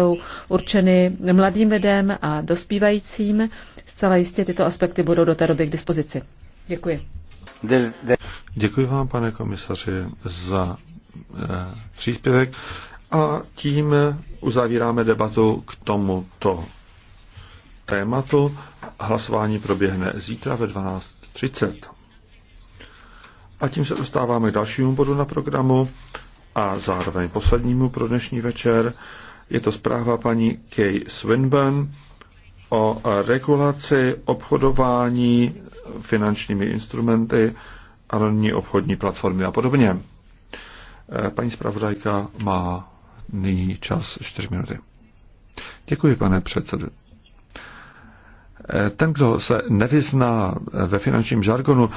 jsou určeny mladým lidem a dospívajícím. Zcela jistě tyto aspekty budou do té doby k dispozici. Děkuji. Děkuji vám, pane komisaři, za eh, příspěvek a tím uzavíráme debatu k tomuto tématu. Hlasování proběhne zítra ve 12.30. A tím se dostáváme k dalšímu bodu na programu a zároveň poslednímu pro dnešní večer. Je to zpráva paní Kay Swinburne o regulaci obchodování finančními instrumenty, anonimní obchodní platformy a podobně. Eh, paní zpravodajka má nyní čas 4 minuty. Děkuji, pane předsedu. Eh, ten, kdo se nevyzná ve finančním žargonu,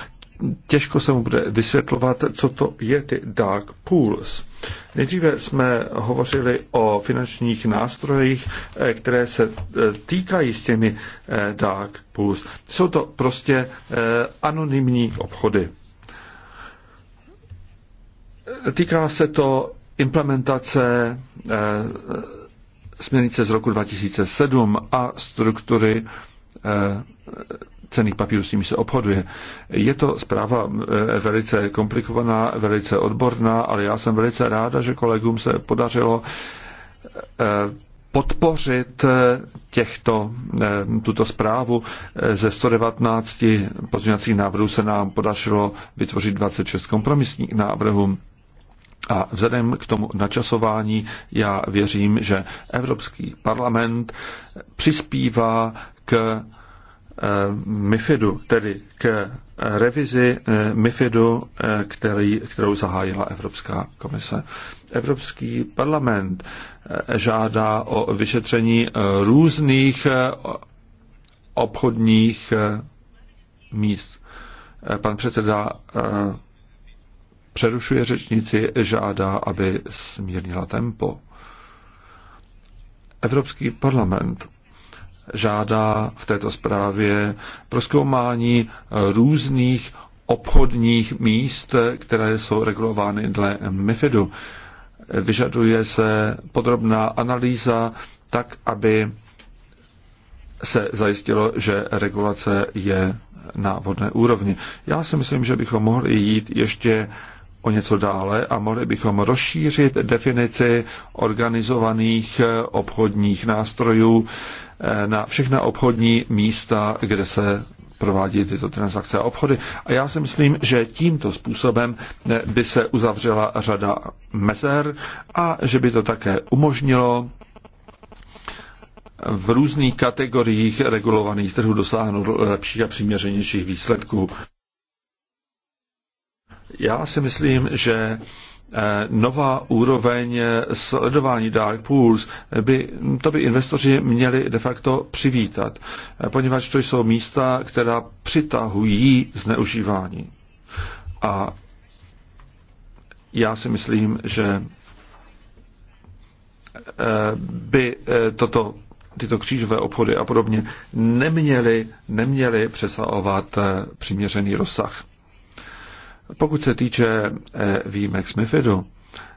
těžko se mu bude vysvětlovat, co to je ty dark pools. Nejdříve jsme hovořili o finančních nástrojích, eh, které se eh, týkají s těmi eh, dark pools. Jsou to prostě anonymní obchody. Týká se to implementace směrnice z roku 2007 a struktury cených papírů, s nimi se obchoduje. Je to zpráva eh, velice komplikovaná, velice odborná, ale já jsem velice ráda, že kolegům se podařilo eh, podpořit eh, těchto, tuto zprávu. Ze 119 pozměňovacích návrhů se nám podařilo vytvořit 26 kompromisních návrhů. A vzhledem k tomu načasování já věřím, že Evropský parlament přispívá k Eh, MIFIDu, tedy k revizi eh, MIFIDu, eh, který, kterou zahájila Evropská komise. Evropský parlament žádá o vyšetření různých obchodních míst. Pan předseda přerušuje řečnici, žádá, aby smírnila tempo. Evropský parlament žádá v této zprávě proskoumání různých obchodních míst, které jsou regulovány dle MIFIDu. Vyžaduje se podrobná analýza tak, aby se zajistilo, že regulace je na vodné úrovni. Já si myslím, že bychom mohli jít ještě o něco dále a mohli bychom rozšířit definici organizovaných eh, obchodních nástrojů eh, na všechna obchodní místa, kde se provádí tyto transakce a obchody. A já si myslím, že tímto způsobem eh, by se uzavřela řada mezer a že by to také umožnilo v různých kategoriích regulovaných trhů dosáhnout lepších a přiměřenějších výsledků. Já si myslím, že eh, nová úroveň sledování dark pools, by, to by investoři měli de facto přivítat, eh, poněvadž to jsou místa, která přitahují zneužívání. A já si myslím, že eh, by toto, tyto křížové obchody a podobně neměly, neměly přesahovat přiměřený rozsah. Pokud se týče eh, výjimek z MIFIDu,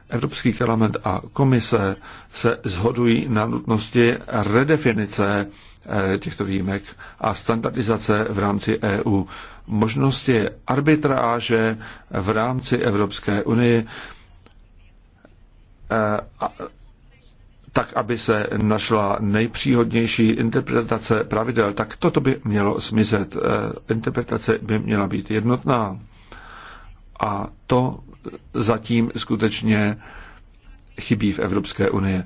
Evropský parlament a komise se zhodují na nutnosti redefinice eh, těchto výjimek a standardizace v rámci EU. Možnosti arbitráže v rámci Evropské unie eh, tak, aby se našla nejpříhodnější interpretace pravidel, tak toto by mělo smizet. Interpretace by měla být jednotná. A to zatím skutečně chybí v Evropské unii.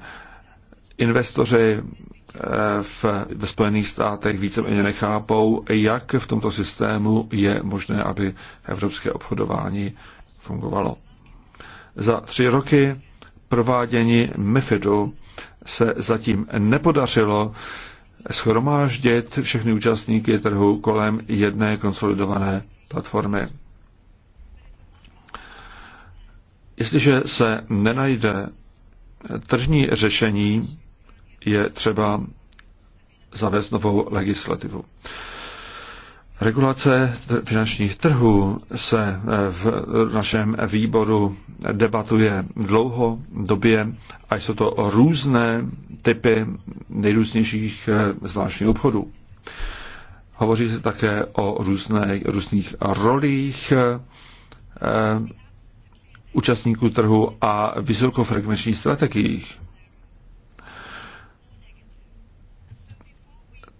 Investoři eh, v, ve Spojených státech víceméně nechápou, jak v tomto systému je možné, aby evropské obchodování fungovalo. Za tři roky provádění MIFIDu se zatím nepodařilo schromáždit všechny účastníky trhu kolem jedné konsolidované platformy. Jestliže se nenajde tržní řešení, je třeba zavést novou legislativu. Regulace finančních trhů se eh, v našem výboru debatuje dlouho době a jsou to různé typy nejrůznějších eh, zvláštních obchodů. Hovoří se také o různé, různých rolích eh, účastníků trhu a vysokofrekvenčních strategiích.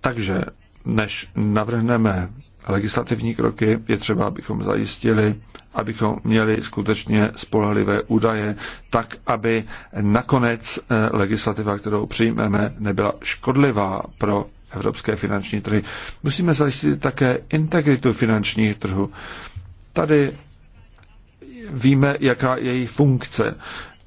Takže než navrhneme legislativní kroky, je třeba, abychom zajistili, abychom měli skutečně spolehlivé údaje, tak aby nakonec eh, legislativa, kterou přijmeme, nebyla škodlivá pro evropské finanční trhy. Musíme zajistit také integritu finančních trhů. Tady víme, jaká je její funkce.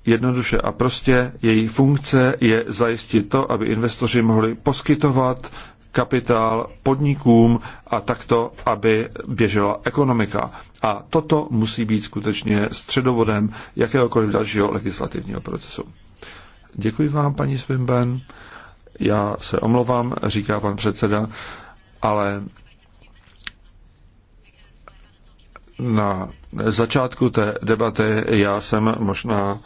Jednoduše a prostě její funkce je zajistit to, aby investoři mohli poskytovat kapitál podnikům a takto, aby běžela ekonomika. A toto musí být skutečně středovodem jakéhokoliv dalšího legislativního procesu. Děkuji vám, paní Swimben. Já se omlouvám, říká pan předseda, ale na začátku té debaty já jsem možná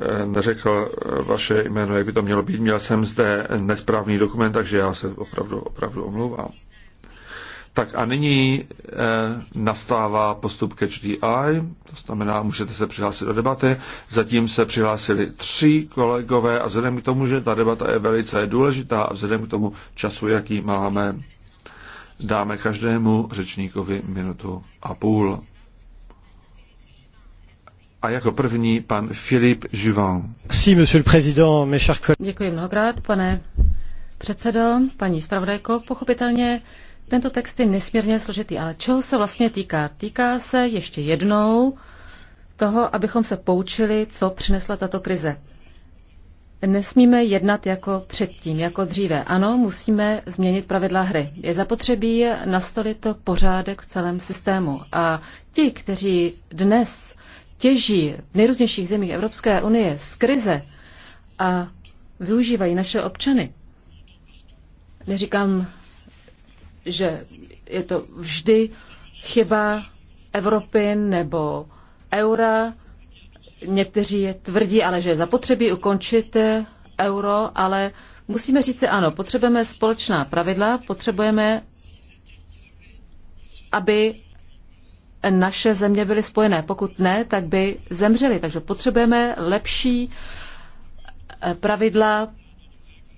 eh, neřekl eh, vaše jméno, jak by to mělo být. Měl jsem zde nesprávný dokument, takže já se opravdu, opravdu omlouvám. Tak a nyní eh, nastává postup the eye, to znamená, můžete se přihlásit do debaty. Zatím se přihlásili tři kolegové a vzhledem k tomu, že ta debata je velice důležitá a vzhledem k tomu času, jaký máme, dáme každému řečníkovi minutu a půl a jako první pan Filip Juvan. Děkuji mnohokrát, pane předsedo, paní zpravodajko. Pochopitelně tento text je nesmírně složitý, ale čeho se vlastně týká? Týká se ještě jednou toho, abychom se poučili, co přinesla tato krize. Nesmíme jednat jako předtím, jako dříve. Ano, musíme změnit pravidla hry. Je zapotřebí nastolit pořádek v celém systému. A ti, kteří dnes těží v nejrůznějších zemích Evropské unie z krize a využívají naše občany. Neříkám, že je to vždy chyba Evropy nebo eura. Někteří je tvrdí, ale že je zapotřebí ukončit euro, ale musíme říct si ano, potřebujeme společná pravidla, potřebujeme, aby naše země byly spojené. Pokud ne, tak by zemřeli. Takže potřebujeme lepší eh, pravidla,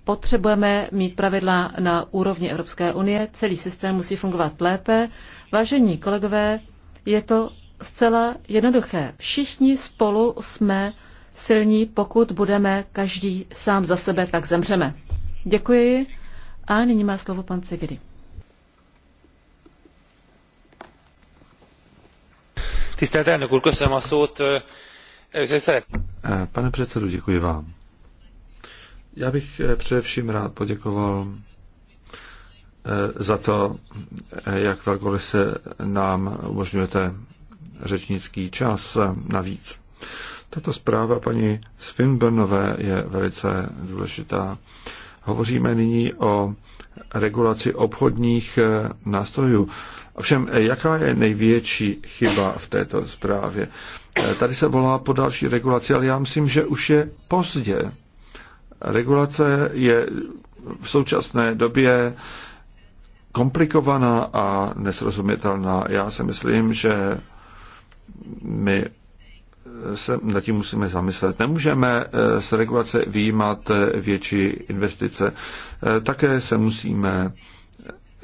potřebujeme mít pravidla na úrovni Evropské unie, celý systém musí fungovat lépe. Vážení kolegové, je to zcela jednoduché. Všichni spolu jsme silní, pokud budeme každý sám za sebe, tak zemřeme. Děkuji. A nyní má slovo pan Cegedy. Tisztelt elnök úr, köszönöm a szót. Eh, pane předsedu, děkuji vám. Já bych eh, především rád poděkoval eh, za to, jak velkoryse nám umožňujete řečnický čas navíc. Tato zpráva paní Svinbrnové je velice důležitá. Hovoříme nyní o regulaci obchodních nástrojů. Ovšem, eh, jaká je největší chyba v této zprávě? Eh, tady se volá po další regulaci, ale já myslím, že už je pozdě. Regulace je v současné době komplikovaná a nesrozumitelná. Já si myslím, že my eh, se nad tím musíme zamyslet. Nemůžeme z regulace výjímat větší investice. Také se musíme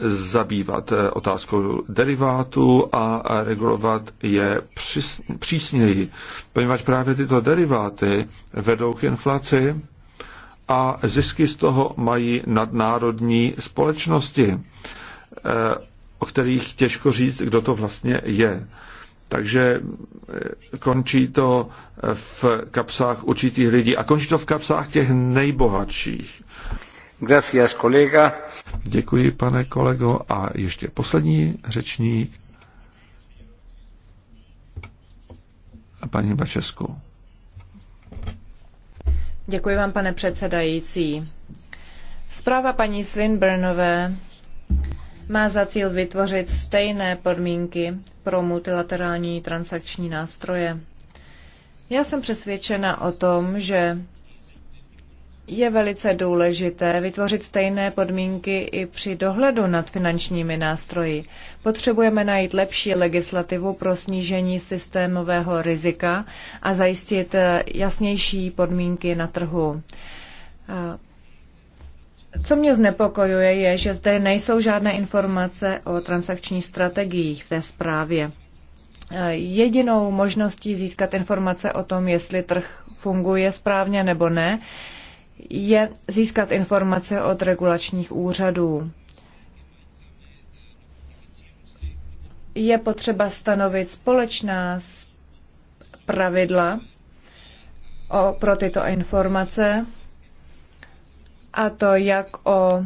zabývat eh, otázkou derivátů a regulovat je přísněji, poněvadž právě tyto deriváty vedou k inflaci a zisky z toho mají nadnárodní společnosti, eh, o kterých těžko říct, kdo to vlastně je. Takže eh, končí to v kapsách určitých lidí a končí to v kapsách těch nejbohatších. Gracias, kolega. Děkuji, pane kolego. A ještě poslední řečník. a Paní Bačesku. Děkuji vám, pane předsedající. Zpráva paní Swinburnové má za cíl vytvořit stejné podmínky pro multilaterální transakční nástroje. Já jsem přesvědčena o tom, že je velice důležité vytvořit stejné podmínky i při dohledu nad finančními nástroji. Potřebujeme najít lepší legislativu pro snížení systémového rizika a zajistit eh, jasnější podmínky na trhu. Co mě znepokojuje, je, že zde nejsou žádné informace o transakčních strategiích v té zprávě. Eh, jedinou možností získat informace o tom, jestli trh funguje správně nebo ne, je získat informace od regulačních úřadů. Je potřeba stanovit společná pravidla o, pro tyto informace, a to jak o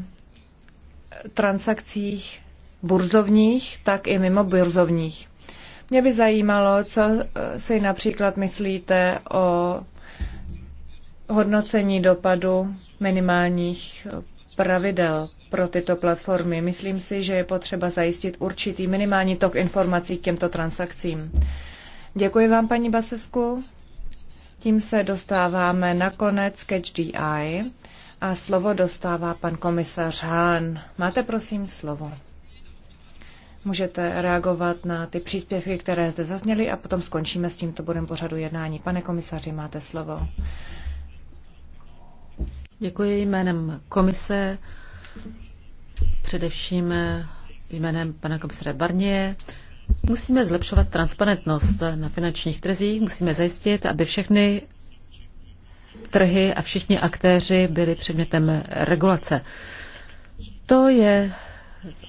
transakcích burzovních, tak i mimo burzovních. Mě by zajímalo, co eh, si například myslíte o hodnocení dopadu minimálních eh, pravidel pro tyto platformy. Myslím si, že je potřeba zajistit určitý minimální tok informací k těmto transakcím. Děkuji vám, paní Basesku. Tím se dostáváme na konec ke HDI a slovo dostává pan komisař Hán. Máte prosím slovo. Můžete reagovat na ty příspěvky, které zde zazněly a potom skončíme s tímto bodem pořadu jednání. Pane komisaři, máte slovo. Děkuji jménem komise, především jménem pana komisaře Barnie. Musíme zlepšovat transparentnost na finančních trzích, musíme zajistit, aby všechny trhy a všichni aktéři byli předmětem regulace. To je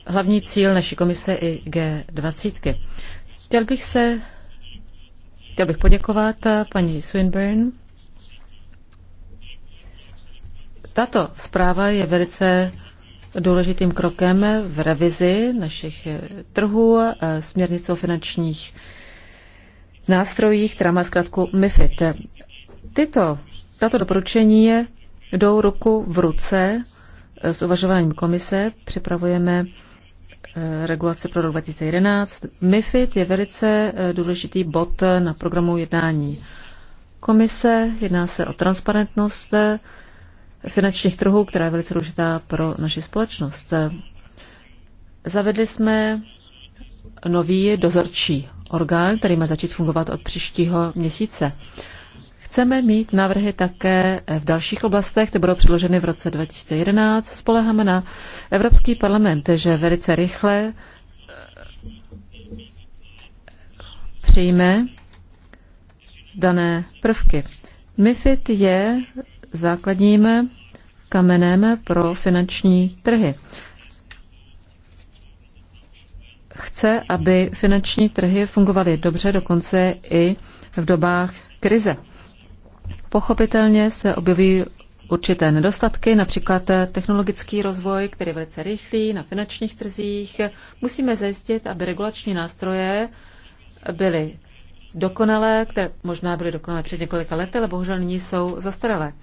hlavní cíl naší komise i G20. Chtěl bych se Chtěl bych poděkovat paní Swinburne Tato zpráva je velice důležitým krokem v revizi našich trhů, eh, směrnice o finančních nástrojích, která má zkrátku MIFID. Tyto, tato doporučení jdou ruku v ruce eh, s uvažováním komise. Připravujeme eh, regulace pro rok 2011. MIFID je velice důležitý bod na programu jednání komise. Jedná se o transparentnost, finančních trhů, která je velice důležitá pro naši společnost. Zavedli jsme nový dozorčí orgán, který má začít fungovat od příštího měsíce. Chceme mít návrhy také v dalších oblastech, které budou předloženy v roce 2011. Spoleháme na Evropský parlament, že velice rychle eh, přijme dané prvky. MIFID je základním kamenem pro finanční trhy. Chce, aby finanční trhy fungovaly dobře, dokonce i v dobách krize. Pochopitelně se objeví určité nedostatky, například technologický rozvoj, který je velice rychlý na finančních trzích. Musíme zajistit, aby regulační nástroje byly dokonalé, které možná byly dokonalé před několika lety, ale bohužel nyní jsou zastaralé.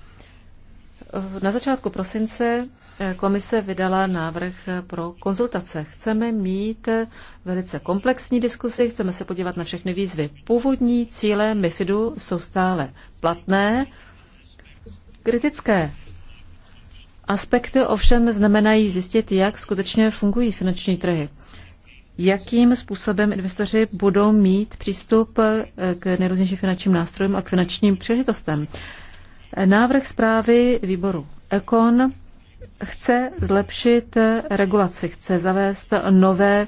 Na začátku prosince eh, komise vydala návrh eh, pro konzultace. Chceme mít eh, velice komplexní diskusi, chceme se podívat na všechny výzvy. Původní cíle MIFIDu jsou stále platné. Kritické aspekty ovšem znamenají zjistit, jak skutečně fungují finanční trhy. Jakým způsobem investoři budou mít přístup k nejrůznějším finančním nástrojům a k finančním příležitostem? Návrh zprávy výboru ECON chce zlepšit regulaci, chce zavést nové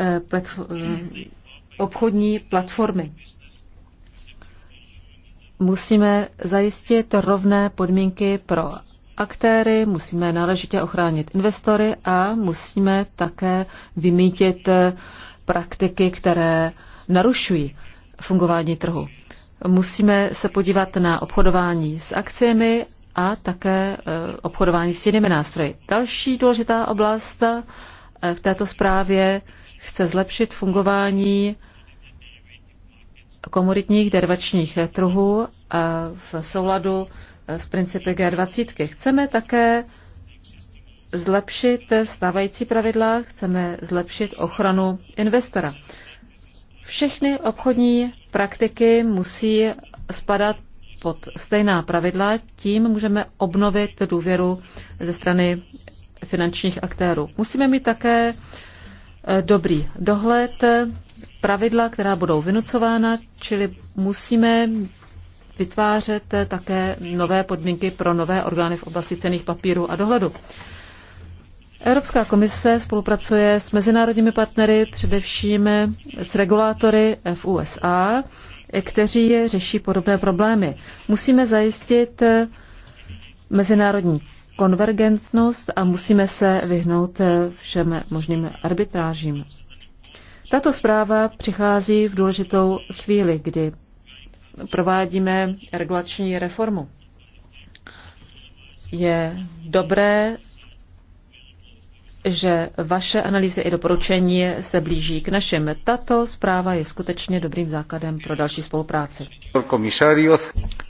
eh, eh, obchodní platformy. Musíme zajistit rovné podmínky pro aktéry, musíme náležitě ochránit investory a musíme také vymítit eh, praktiky, které narušují fungování trhu musíme se podívat na obchodování s akciemi a také e, obchodování s jinými nástroji. Další důležitá oblast e, v této zprávě chce zlepšit fungování komoditních derivačních trhů e, v souladu s principy G20. Chceme také zlepšit stávající pravidla, chceme zlepšit ochranu investora. Všechny obchodní praktiky musí spadat pod stejná pravidla, tím můžeme obnovit důvěru ze strany finančních aktérů. Musíme mít také eh, dobrý dohled, pravidla, která budou vynucována, čili musíme vytvářet eh, také nové podmínky pro nové orgány v oblasti cených papírů a dohledu. Evropská komise spolupracuje s mezinárodními partnery, především s regulátory v USA, kteří řeší podobné problémy. Musíme zajistit mezinárodní konvergentnost a musíme se vyhnout všem možným arbitrážím. Tato zpráva přichází v důležitou chvíli, kdy provádíme regulační reformu. Je dobré že vaše analýzy i doporučení se blíží k našim. Tato zpráva je skutečně dobrým základem pro další spolupráci.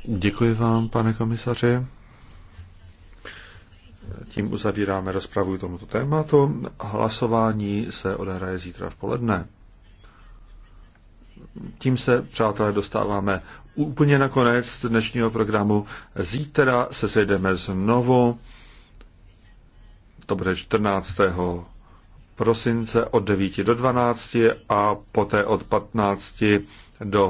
Děkuji vám, pane komisaři. Tím uzavíráme rozpravu tomuto tématu. Hlasování se odehraje zítra v poledne. Tím se, přátelé, dostáváme úplně na konec dnešního programu. Zítra se sejdeme znovu to bude 14. prosince od 9 do 12 a poté od 15 do